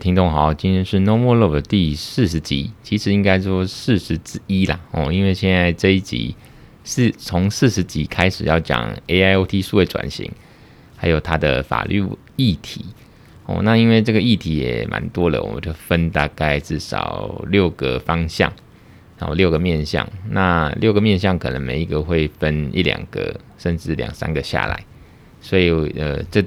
聽眾好，今天是《Normal Love》第四十集，其實應該說四十之一啦，哦，因為現在這一集是從四十集開始要講 AIoT 數位轉型，還有它的法律議題，哦，那因為這個議題也蠻多了，我們就分大概至少六個方向，然後六個面向，那六個面向可能每一個會分一兩個，甚至兩三個下來，所以呃這。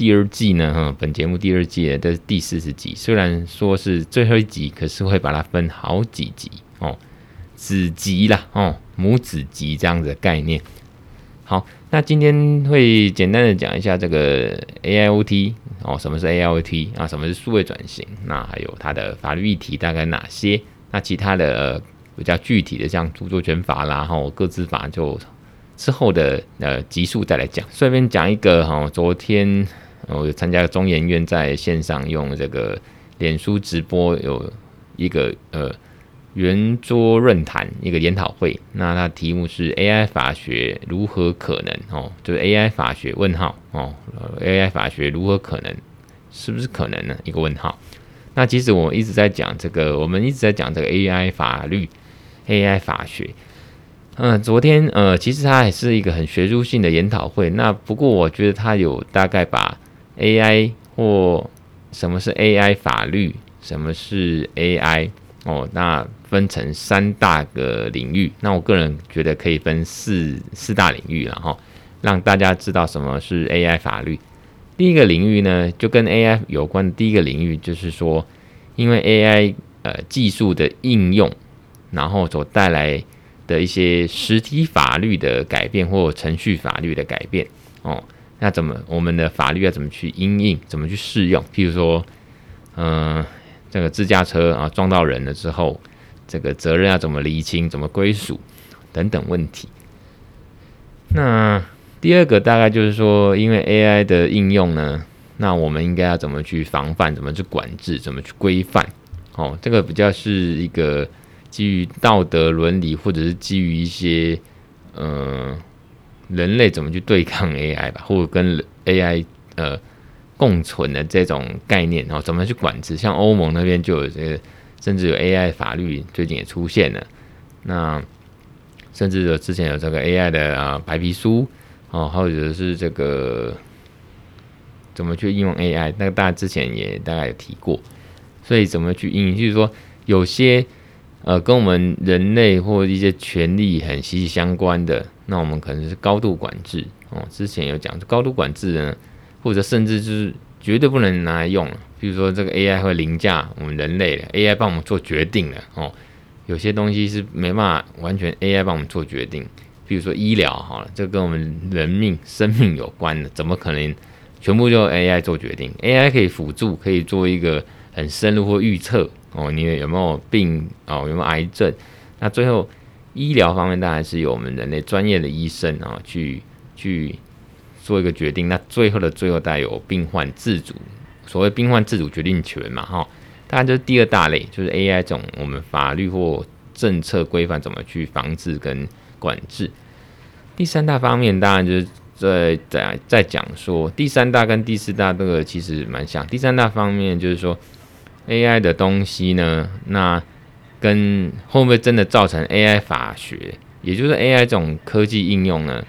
第二季呢，哈、哦，本節目第二季的第四十集，雖然說是最後一集，可是會把它分好幾集哦，子集啦，哦，母子集這樣子的概念。好，那今天會簡單的講一下這個 A I O T 哦，什麼是 A I O T 啊？什麼是數位轉型？那還有它的法律議題大概哪些？那其他的、呃、比較具體的，像著作權法啦，哈、哦，個資法就之後的呃集數再來講。順便講一個哈、哦，昨天。我參加了中研院在線上用這個臉書直播，有一個呃圓桌論壇一個研討會，那它題目是 AI 法學如何可能哦，就是 AI 法學問號哦，AI 法學如何可能？是不是可能呢？一個問號。那其實我一直在講這個，我們一直在講這個 AI 法律、嗯、AI 法學。嗯，昨天呃，其實它還是一個很學術性的研討會。那不過我覺得它有大概把。AI 或什麼是 AI 法律？什麼是 AI？哦，那分成三大個領域。那我個人覺得可以分四四大領域，了哈，讓大家知道什麼是 AI 法律。第一個領域呢，就跟 AI 有關的第一個領域就是說，因為 AI 呃技術的應用，然後所帶來的一些實體法律的改變或程序法律的改變，哦。那怎麼我們的法律要怎麼去因應，怎麼去適用？譬如說，嗯、呃，這個自駕車啊撞到人了之後，這個責任要怎麼釐清，怎麼歸屬等等問題。那第二個大概就是說，因為 AI 的應用呢，那我們應該要怎麼去防範，怎麼去管制，怎麼去規範？哦，這個比較是一個基於道德倫理，或者是基於一些嗯。呃人類怎麼去對抗 AI 吧，或者跟 AI 呃共存的這種概念，然後哦，怎麼去管制？像歐盟那邊就有這個，甚至有 AI 法律，最近也出現了。那甚至有之前有這個 AI 的啊、呃、白皮書哦，或者是這個怎麼去應用 AI？那個大家之前也大概有提過，所以怎麼去應用？就是說有些呃跟我們人類或一些權利很息息相關的。那我們可能是高度管制哦，之前有講，高度管制呢，或者甚至就是絕對不能拿來用了。比如說這個 AI 會凌駕我們人類的 AI 幫我們做決定的哦，有些東西是沒辦法完全 AI 幫我們做決定。比如說醫療好了，這跟我們人命生命有關的，怎麼可能全部就 AI 做決定？AI 可以輔助，可以做一個很深入或預測哦，你有沒有病哦，有沒有癌症？那最後。醫療方面，當然是由我們人類專業的醫生啊、喔、去去做一個決定。那最後的最後，帶有病患自主，所謂病患自主決定權嘛、喔，哈。當然就是第二大類，就是 AI 這種我們法律或政策規範怎麼去防治跟管制。第三大方面，當然就是在在在講說，第三大跟第四大這個其實蠻像。第三大方面就是說 AI 的東西呢，那。跟會不會真的造成 AI 法學，也就是 AI 這種科技應用呢，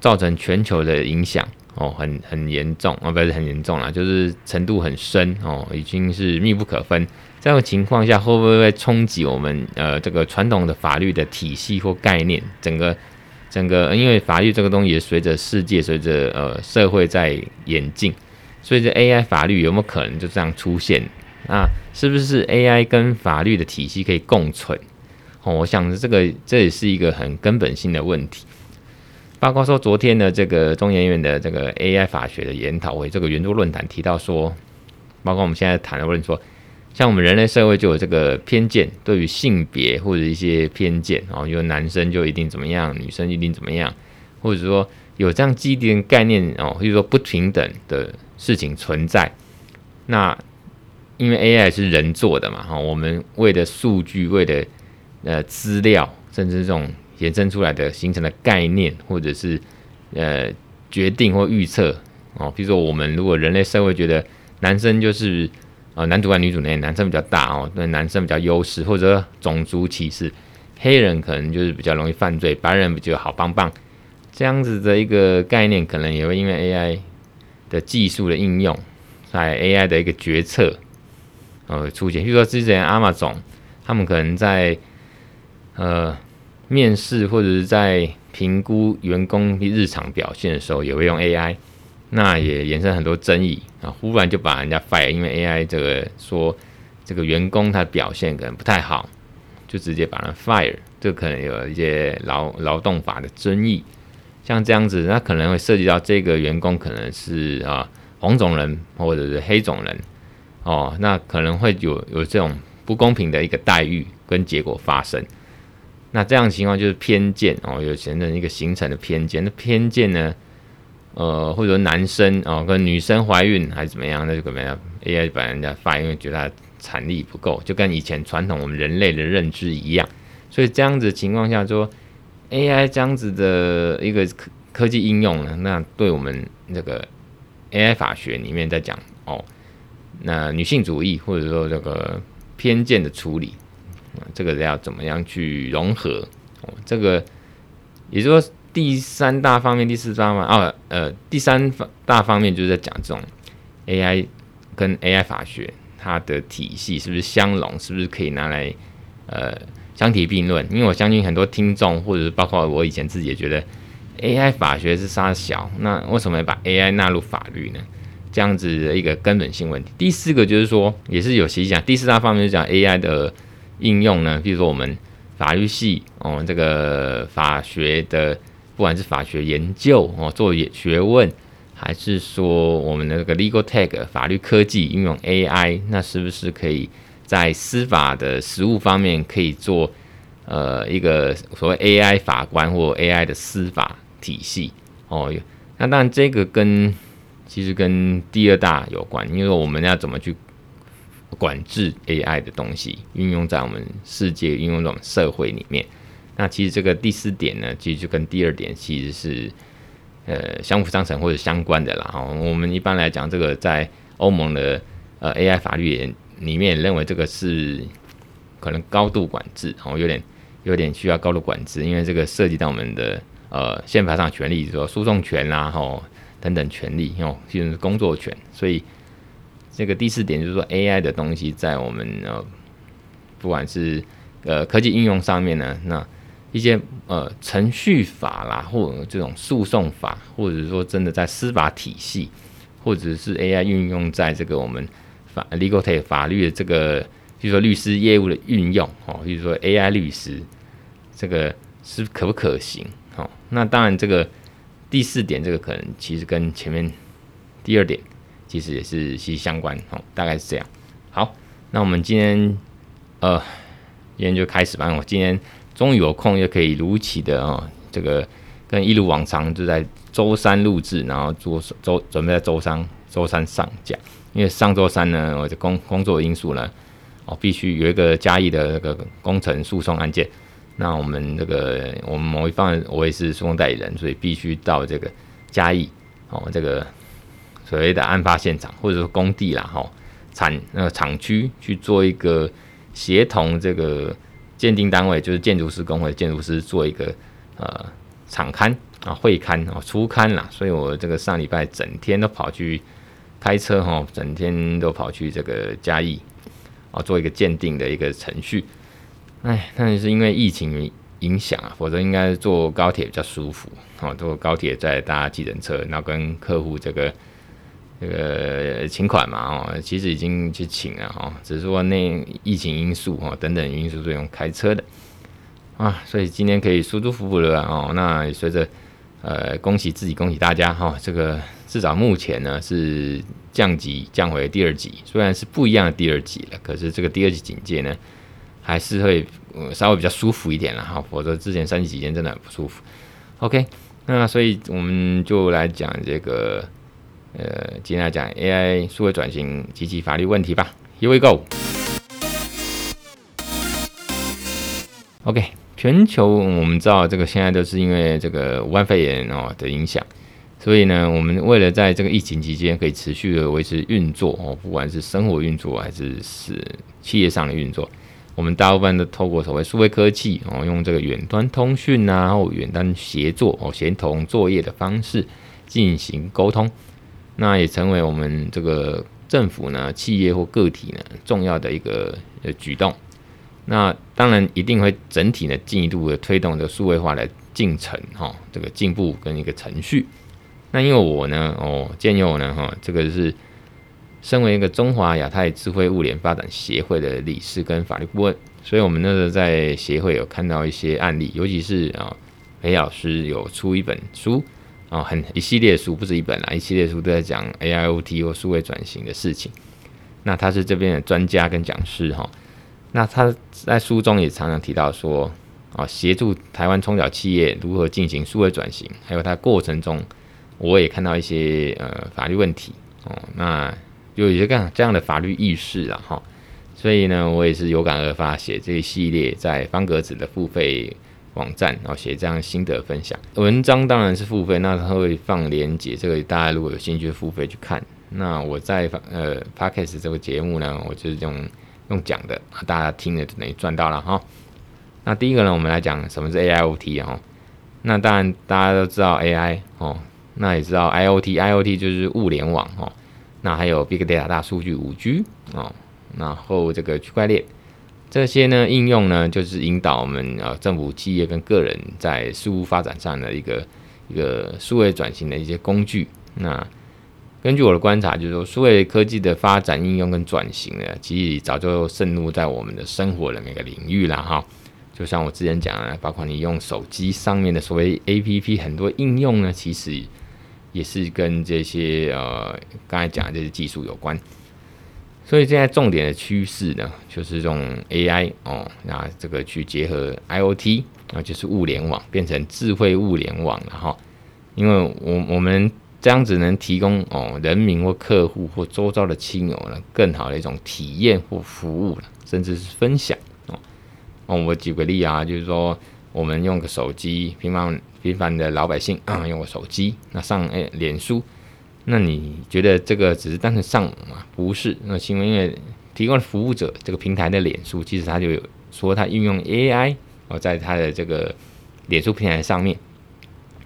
造成全球的影響哦，很很嚴重啊、哦，不是很嚴重啦。就是程度很深哦，已經是密不可分。這樣的情況下，會不會衝擊我們呃這個傳統的法律的體系或概念？整個整個、呃，因為法律這個東西也隨着世界隨着呃社會在演進，所以這 AI 法律有沒有可能就這樣出現？.啊，是不是 AI 跟法律的體系可以共存？哦，我想着這個這也是一個很根本性的問題。包括說昨天的這個中研院的這個 AI 法學的研討會，這個圓桌論壇提到說，包括我們現在談的，問題說，像我們人類社會就有這個偏見，對於性別或者一些偏見，哦，有男生就一定怎麼樣，女生一定怎麼樣，或者說有這樣既定概念，哦，或者說不平等的事情存在，那。因為 AI 是人做的嘛，哈，我們為的數據、為的呃資料，甚至這種延伸出來的形成的概念，或者是呃決定或預測哦，比如說我們如果人類社會覺得男生就是啊男主外女主內，男生比較大哦，對男生比較優勢，或者種族歧視，黑人可能就是比較容易犯罪，白人比較好棒棒，這樣子的一個概念，可能也會因為 AI 的技術的應用，在 AI 的一個決策。呃，出現，比如說之前 Amazon，他們可能在呃面試或者是在評估員工日常表現的時候，也會用 AI，那也衍生很多爭議啊。忽然就把人家 fire，因為 AI 這個說這個員工他的表現可能不太好，就直接把人 fire，這可能有一些勞勞動法的爭議。像這樣子，那可能會涉及到這個員工可能是啊黃種人或者是黑種人。哦，那可能會有有這種不公平的一個待遇跟結果發生，那這樣的情況就是偏見哦，有些人一個形成的偏見。那偏見呢，呃，或者男生哦跟女生懷孕還是怎麼樣，那就怎麼樣。AI 把人家發現，因為覺得他的產力不夠，就跟以前傳統我們人類的認知一樣。所以這樣子的情況下說，AI 這樣子的一個科技應用呢，那對我們那個 AI 法學裡面在講哦。那女性主義或者說這個偏見的處理，這個要怎麼樣去融合？這個也就是說第三大方面、第四大方面哦呃，第三大方面就是在講這種 AI 跟 AI 法學它的體系是不是相容，是不是可以拿來呃相提並論？因為我相信很多聽眾或者是包括我以前自己也覺得 AI 法學是殺小，那為什麼要把 AI 納入法律呢？這樣子的一個根本性問題。第四個就是說，也是有其講。第四大方面就講 AI 的應用呢，譬如說我們法律系哦，這個法學的，不管是法學研究哦，做學問，還是說我們的那個 Legal Tech 法律科技應用 AI，那是不是可以在司法的實務方面可以做呃一個所謂 AI 法官或 AI 的司法體系哦？那當然這個跟其實跟第二大有關，因為我們要怎麼去管制 AI 的東西，運用在我們世界、運用在我們社會裡面。那其實這個第四點呢，其實就跟第二點其實是呃相輔相成或者相關的啦。我們一般來講，這個在歐盟的呃 AI 法律裡面認為這個是可能高度管制，哦、呃，有點有點需要高度管制，因為這個涉及到我們的呃憲法上的權利，比如說訴訟權啦、啊，吼。等等權利，哦，就是工作權。所以這個第四點就是說，AI 的東西在我們呃不管是呃科技應用上面呢，那一些呃程序法啦，或者這種訴訟法，或者說真的在司法體系，或者是 AI 運用在這個我們法 Legal Tech 法律的這個，就是說律師業務的運用，哦，就是說 AI 律師，這個是可不可行？哦，那當然這個。第四點，這個可能其實跟前面第二點其實也是息息相關哦，大概是這樣。好，那我們今天呃，今天就開始吧。我今天終於有空，又可以如期的哦，這個跟一如往常就在週三錄製，然後做週準備在週三、週三上架。因為上週三呢，我的工工作因素呢，我必須有一個嘉義的那個工程訴訟案件。那我們這個，我們某一方，我也是訴訟代理人，所以必須到這個嘉義哦，這個所謂的案發現場或者說工地啦，哈、哦，產呃廠區去做一個協同這個鑑定單位，就是建築師工會的建築師做一個呃場勘，啊會勘，哦初勘啦，所以我這個上禮拜整天都跑去開車哈、哦，整天都跑去這個嘉義啊、哦、做一個鑑定的一個程序。哎，那也是因為疫情影響啊，否則應該坐高鐵比較舒服。哦，坐高鐵再搭計程車，然後跟客戶這個這個請款嘛，哦，其實已經去請了，哦，只是說那疫情因素，哦，等等因素作用開車的啊，所以今天可以舒舒服服的了哦。那也隨着呃，恭喜自己，恭喜大家，哈、哦，這個至少目前呢是降級降回第二級，雖然是不一樣的第二級了，可是這個第二級警戒呢，還是會稍微比較舒服一點了哈，否則之前三級期間真的很不舒服。OK，那所以我們就來講這個，呃，今天來講 AI 數位轉型及其法律問題吧。Here we go。OK，全球我們知道這個現在都是因為這個新冠肺炎哦的影響，所以呢，我們為了在這個疫情期間可以持續的維持運作哦，不管是生活運作還是是企業上的運作。我們大部分都透過所謂數位科技哦，用這個遠端通訊啊，或遠端協作哦，協、哦、同作業的方式進行溝通，那也成為我們這個政府呢、企業或個體呢重要的一個呃舉動。那當然一定會整體呢進一步的推動這個數位化的進程哈、哦，這個進步跟一個程序。那因為我呢哦，建議我呢哈、哦，這個、就是。身為一個中華亞太智慧物聯發展協會的理事跟法律顧問，所以我們那時候在協會有看到一些案例，尤其是啊裴老師有出一本書，啊，很一系列書，不止一本啦、啊，一系列書都在講 AIoT 或數位轉型的事情。那他是這邊的專家跟講師哈、啊，那他在書中也常常提到說，啊，協助台灣中小企業如何進行數位轉型，還有他過程中，我也看到一些呃法律問題哦、啊，那。有一些干這樣的法律意識了、啊、哈，所以呢，我也是有感而發寫這一系列在方格子的付費網站，然後寫這樣心得分享文章，當然是付費，那它會放鏈接，這個大家如果有興趣付費去看。那我在呃 Podcast 這個節目呢，我就是用用講的，大家聽了等於賺到了哈。那第一個呢，我們來講什麼是 AIOT 哈。那當然大家都知道 AI 哦，那也知道 IOT，IOT 就是物聯網哦。那還有 Big Data 大數據、5G 啊、哦，然後這個區塊鏈這些呢，應用呢，就是引導我們、呃、政府、企業跟個人在事物發展上的一個一個數位轉型的一些工具。那根據我的觀察，就是說數位科技的發展、應用跟轉型呢，其實早就滲入在我們的生活的那個領域了哈、哦。就像我之前講的，包括你用手機上面的所謂 APP，很多應用呢，其實。也是跟這些呃剛才講的這些技術有關，所以現在重點的趨勢呢，就是用 AI 哦，那這個去結合 IoT，那、啊、就是物聯網變成智慧物聯網了哈。因為我我們這樣子能提供哦人民或客戶或周遭的親友呢，更好的一種體驗或服務，甚至是分享哦。哦，我舉個例子啊，就是說。我們用個手機，平凡平凡的老百姓啊，嗯，用個手機，那上哎臉書，那你覺得這個只是單純上網嗎？不是，那新聞因為提供服務者這個平台的臉書，其實它就有說它運用 AI 哦，在它的這個臉書平台上面，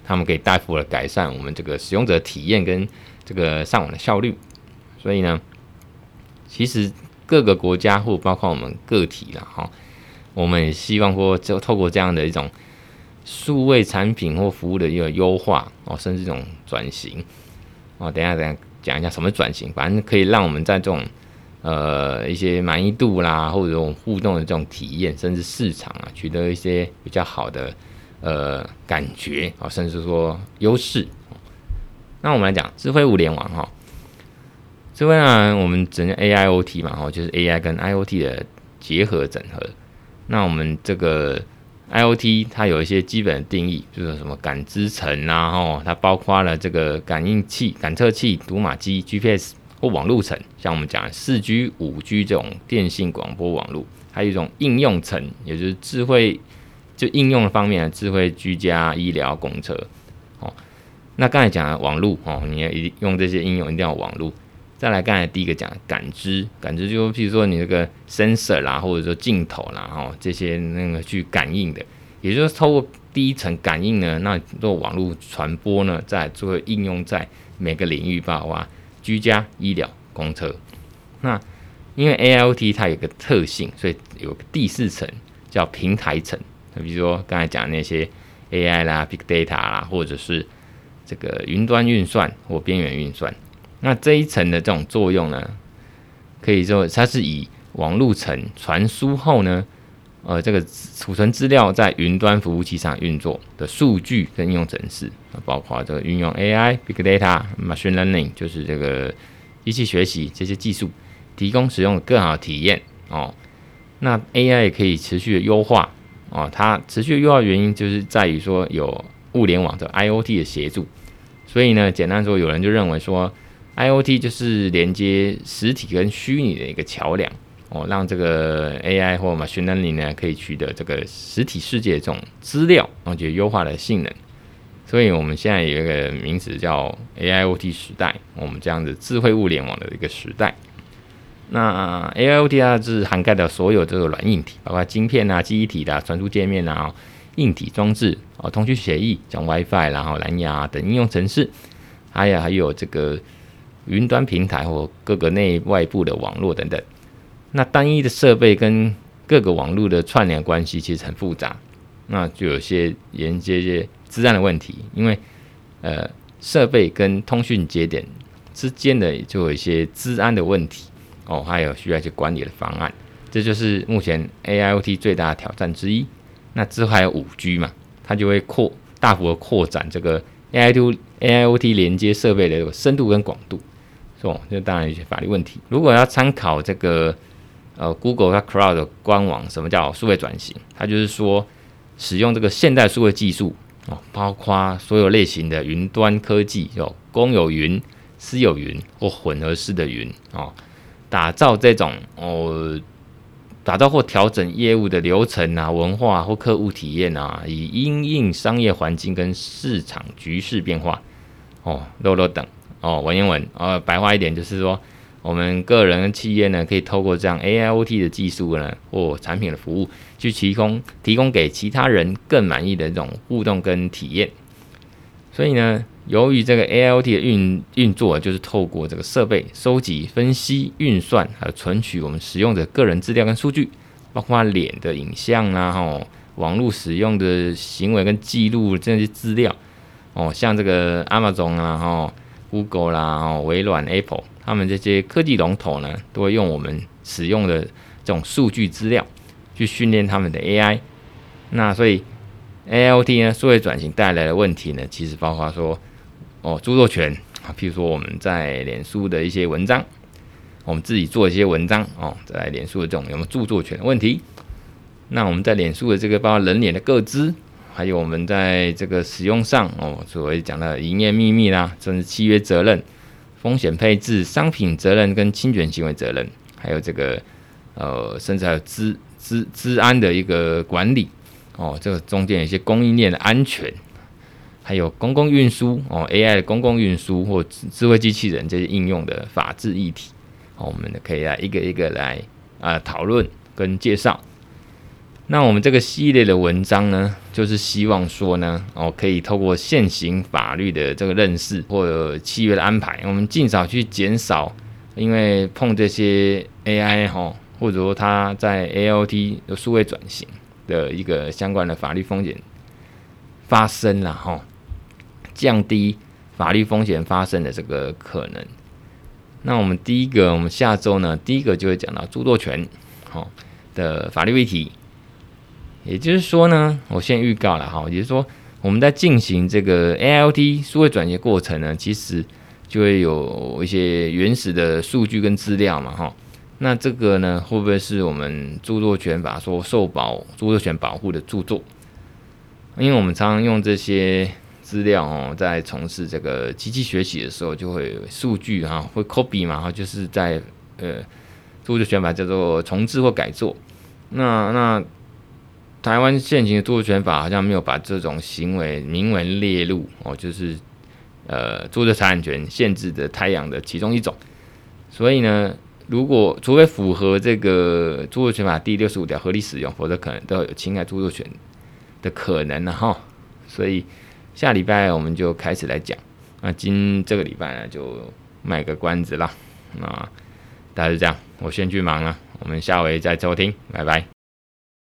他們可以大幅的改善我們這個使用者體驗跟這個上網的效率。所以呢，其實各個國家或包括我們個體了哈。我們也希望說就透過這樣的一種數位產品或服務的一個優化哦，甚至這種轉型哦。等一下等一下講一下什麼轉型，反正可以讓我們在這種呃一些滿意度啦，或者這種互動的這種體驗，甚至市場啊，取得一些比較好的呃感覺啊、哦，甚至說優勢。哦、那我們來講智慧物聯網哈，智慧呢、哦啊、我們整個 AIoT 嘛，哦，就是 AI 跟 IoT 的結合整合。那我們這個 I O T 它有一些基本的定義，就是什麼感知層啊，哦，它包括了這個感應器、感測器、讀碼機、G P S 或網絡層，像我們講四 G、五 G 這種電信廣播網絡，還有一種應用層，也就是智慧就應用的方面，智慧居家、醫療、公車，哦，那剛才講的網絡哦，你用這些應用一定要有網絡。再來，剛才第一個講感知，感知就是譬如說你這個 sensor 啦，或者說鏡頭啦，吼這些那個去感應的，也就是透過第一層感應呢，那做網絡傳播呢，再做應用在每個領域吧，哇，居家、醫療、公車。那因為 AIoT 它有個特性，所以有個第四層叫平台層，那比如說剛才講那些 AI 啦、Big Data 啦，或者是這個雲端運算或邊緣運算。那這一層的這種作用呢，可以說它是以網絡層傳輸後呢，呃，這個儲存資料在雲端服務器上運作的數據跟應用程式，包括這個運用 AI、Big Data、Machine Learning，就是這個機器學習這些技術，提供使用更好的體驗哦。那 AI 也可以持續的優化哦，它持續的優化的原因就是在於說有物聯網的 IoT 的協助，所以呢，簡單說，有人就認為說。IoT 就是連接實體跟虛擬的一個橋梁哦，讓這個 AI 或 Machine Learning 呢，可以取得這個實體世界這種資料，然後就優化了性能。所以我們現在有一個名詞叫 AIOT 時代，我們這樣子智慧物聯網的一個時代。那 AIOT 啊、就是涵蓋了所有這個軟硬體，包括晶片啊、記憶體啊、傳輸界面啊、硬體裝置啊、哦、通訊協議，像 WiFi 然後藍牙、啊、等應用程式，還有還有這個。雲端平台或各個內外部的網絡等等，那單一的設備跟各個網絡的串聯關係其實很複雜，那就有一些連接一些，一些資安的問題，因為呃設備跟通訊節點之間的就有一些資安的問題哦，還有需要去管理的方案，這就是目前 AIOT 最大的挑戰之一。那之後還有五 G 嘛，它就會擴大幅的擴展這個 a i AI o AIOT 連接設備的深度跟廣度。哦、這種，就當然一些法律問題。如果要參考這個，呃，Google 的 Cloud 的官網什麼叫數位轉型？它就是說使用這個現代數位技術哦，包括所有類型的雲端科技，有、哦、公有雲、私有雲或、哦、混合式的雲哦，打造這種哦，打造或調整業務的流程啊、文化或客戶體驗啊，以因應商業環境跟市場局勢變化哦，等等等。哦，文言文，呃、哦，白話一點就是說，我們個人、企業呢，可以透過這樣 AIoT 的技術呢，或產品的服務，去提供提供給其他人更滿意的這種互動跟體驗。所以呢，由於這個 AIoT 的運運作，就是透過這個設備收集、分析、運算，還有存取我們使用的個人資料跟數據，包括臉的影像啦、啊，吼、哦，網絡使用的行為跟記錄這些資料，哦，像這個 Amazon 啊，吼、哦。Google 啦、微軟、Apple，他們這些科技龍頭呢，都會用我們使用的這種數據資料去訓練他們的 AI。那所以 AIoT 呢，數位轉型帶來的問題呢，其實包括說哦，著作權啊，譬如說我們在臉書的一些文章，我們自己做一些文章哦，在臉書的這種有沒有著作權的問題？那我們在臉書的這個，包括人臉的個資。還有我們在這個使用上，哦，所謂講的營業秘密啦、啊，甚至契約責任、風險配置、商品責任跟侵權行為責任，還有這個，呃，甚至還有資資資安的一個管理，哦，這個中間有一些供應鏈的安全，還有公共運輸，哦，AI 的公共運輸或智慧機器人這些應用的法制議題，哦、我們可以來、啊、一個一個來啊討論跟介紹。那我們這個系列的文章呢，就是希望說呢，哦，可以透過現行法律的這個認識或者契約的安排，我們盡早去減少，因為碰這些 AI 哈、哦，或者說它在 AIoT 的數位轉型的一個相關的法律風險發生了哈、哦，降低法律風險發生的這個可能。那我們第一個，我們下周呢，第一個就會講到著作權哈的法律問題。也就是說呢，我先預告了哈，也就是說我們在進行這個 AIoT 數位轉型過程呢，其實就會有一些原始的數據跟資料嘛哈。那這個呢，會不會是我們著作權法所受保著作權保護的著作？因為我們常常用這些資料哦，在從事這個機器學習的時候，就會數據哈會 copy 嘛，哈，就是在呃著作權法叫做重製或改作。那那。臺灣現行的著作權法好像沒有把這種行為明文列入哦，就是呃，著作財產權限制的態樣的其中一種，所以呢，如果除非符合這個著作權法第六十五條合理使用，否則可能都有侵害著作權的可能了哈。所以下禮拜我們就開始來講，那今這個禮拜呢就賣個關子啦，那大家就這樣，我先去忙了，我們下回再收聽，拜拜。